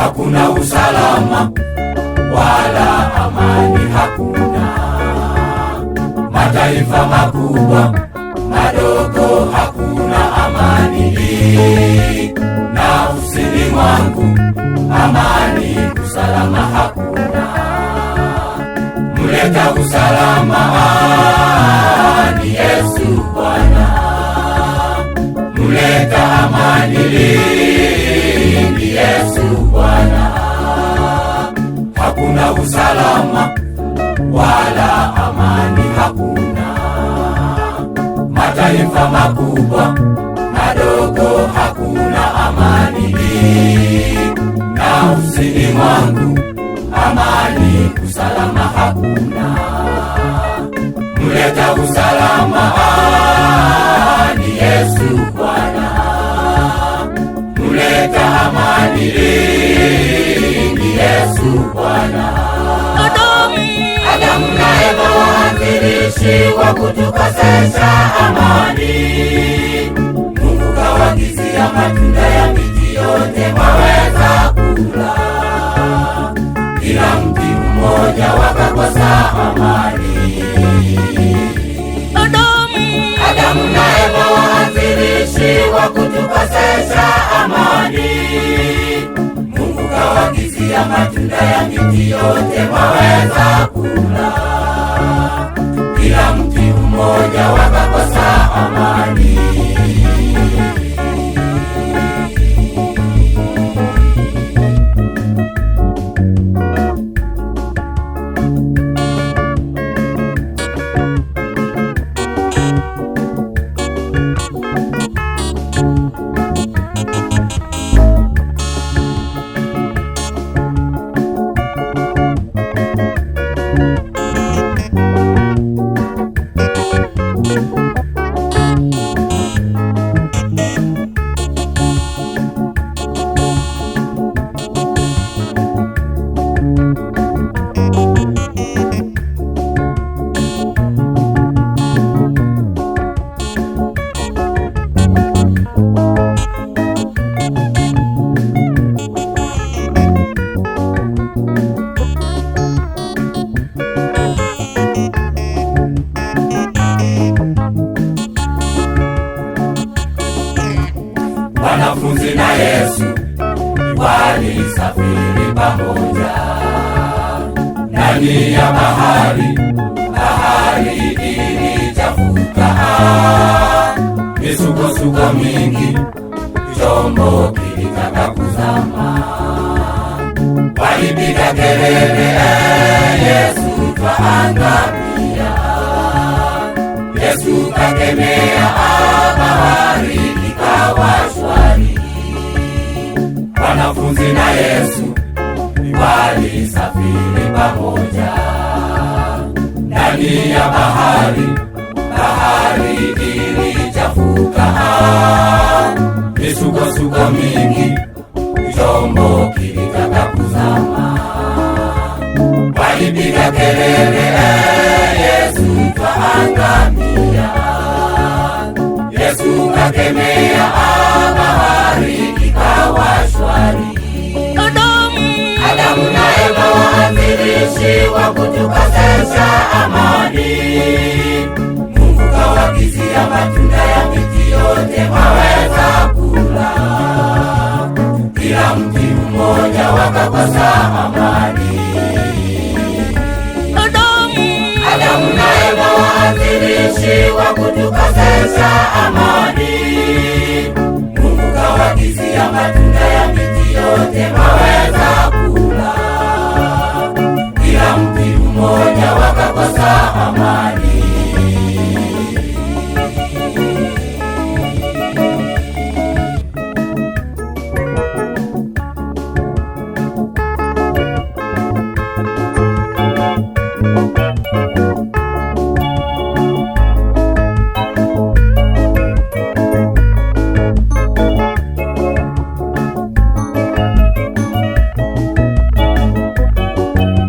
hakuna usalama wala amani hakuna. Mataifa makubwa madogo, hakuna amani hii, na usini mwangu amani, usalama hakuna. Mleta usalama ni Yesu Bwana, mleta amani hii hakuna usalama wala amani hakuna. Mataifa makubwa madogo, hakuna amani na usini mwangu, amani usalama hakuna. Mleta usalama ni Yesu Bwana, mleta amani ni Yesu dhambi kwa kutukosesha amani. Mungu kawagizia matunda ya miti yote mwaweza kula, ila mti mmoja wakakosa amani. Adamu, Adamu naye mwanzilishi wa kutukosesha amani. Mungu kawagizia matunda ya miti yote mwaweza kula moja Nation. Wanafunzi na Yesu walisafiri pamoja ndani ya bahari, bahari ilichafuka, misukosuko mingi, chombo kilitaka kuzama. Walipiga kelele, eh, Yesu twaangamia. Yesu kakemea ah, bahari ikawasha Wanafunzi na Yesu walisafiri pamoja ndani ya bahari, bahari ilichafuka, misukosuko mingi, chombo kilitaka kuzama. Walipiga kelele, eh, Yesu twaangamia. Yesu kakemea wote waweza kula, kila mti mmoja wakakosa amani. Adamu Eva mwanzilishi wa kutukosesha amani. Mungu kawakizia matunda ya miti yote waweza